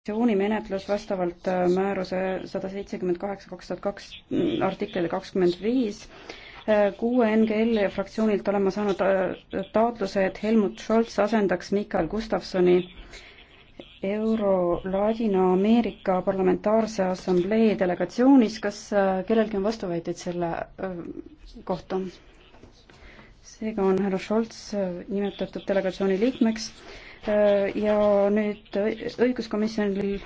sanktsioonimenetlus vastavalt äh, määruse sada seitsekümmend kaheksa kaks tuhat kaks mm, artiklile kakskümmend viis. Äh, kuue NGL fraktsioonilt olen ma saanud äh, taotluse, et Helmut Scholz asendaks Mikael Gustavsoni Euro-Ladina-Ameerika Parlamentaarse Assamblee delegatsioonis. kas kellelgi on vastuväiteid selle kohta? seega on härra Scholz nimetatud delegatsiooni liikmeks Äh, ja nüüd õiguskomisjonil